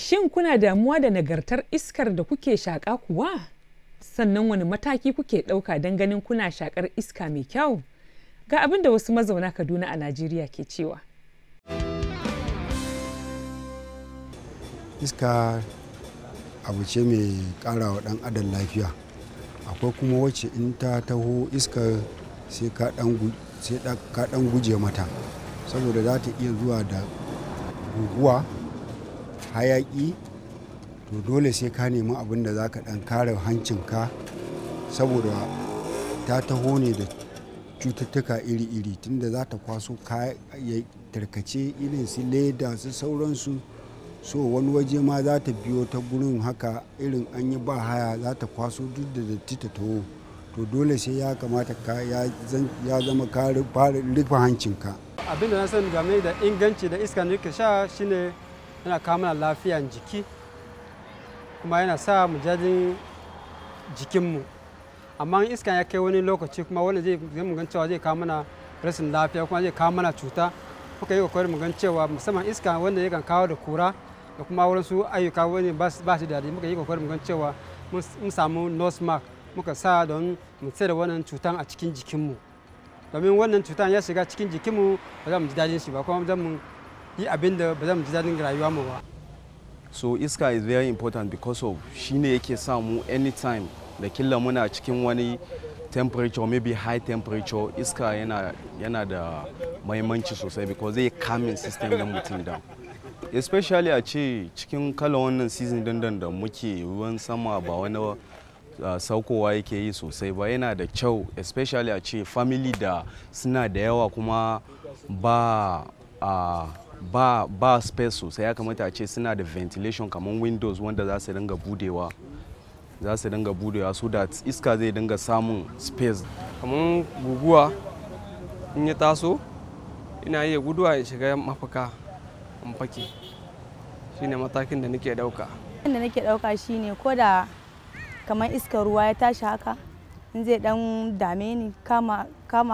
Shin kuna damuwa da nagartar iskar da kuke shaƙa kuwa? Sannan wani mataki kuke ɗauka don ganin kuna shaƙar iska mai kyau? Ga abin da wasu mazauna Kaduna a Najeriya ke cewa. Iska abu ce mai ƙarawa dan ɗan adam lafiya. Akwai kuma wacce in ta taho iska sai ka ɗan guje mata. Saboda za ta iya zuwa da guguwa hayaƙi to dole sai ka nemi abin da za ka ɗan kare hancinka saboda ta taho ne da cututtuka iri-iri tunda za ta kwaso tarkace irin su leda su sauransu so wani waje ma za ta biyo ta gurin haka irin an yi ba haya za ta kwaso duk da datti ta taho to dole sai ya kamata ka ya zama ka rufe hancinka abin da na san game da inganci da iska ka sha shine yana kawo mana lafiyan jiki kuma yana sa mu jajin jikinmu amma iskan ya kai wani lokaci kuma wani zai mu gan cewa zai kawo mana rashin lafiya kuma zai kawo mana cuta muka yi kokarin mu gan cewa musamman iska wanda yakan kawo da kura da kuma wurin su ayyuka wani ba shi da muka yi kokarin mu gan cewa mun samu nose mark muka sa don mu tsira wannan cutan a cikin jikinmu domin wannan cutan ya shiga cikin jikinmu ba za mu ji dadin shi ba kuma za mu yi abin da ba za ji daɗin rayuwa mu ba so iska is very important because of shine yake sa mu anytime da killa muna cikin wani temperature maybe high temperature iska yana yana da mahimmanci sosai because zai kamin system na mutum da especially a ce cikin kala wannan season dandan da muke ruwan sama ba wani ah, saukowa yake yi sosai ba yana da kyau especially a ce family da suna da yawa kuma ba ah, ba ba space sosai ya kamata a ce suna da ventilation kamar windows wanda za su dinga budewa za su dinga budewa so that iska zai dinga samun space kamar guguwa in ya taso ina iya guduwa ya shiga mafaka in fake shine matakin da nake dauka da nake dauka shine ko da kamar iskar ruwa ya tashi haka in zai dan dame ni kama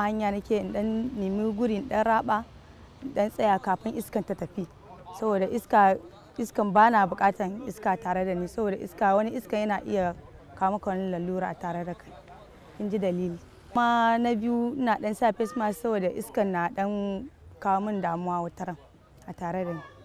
hanya nake in dan nemi gurin dan raba dan tsaya kafin iskan ta tafi saboda iska iskan ba na bukatan iska tare da ni saboda iska wani iska yana iya kama maka wani lalura tare da kai in ji dalili kuma na biyu ina dan sa face mask saboda iskan na dan kawo min damuwa wataran a tare da ni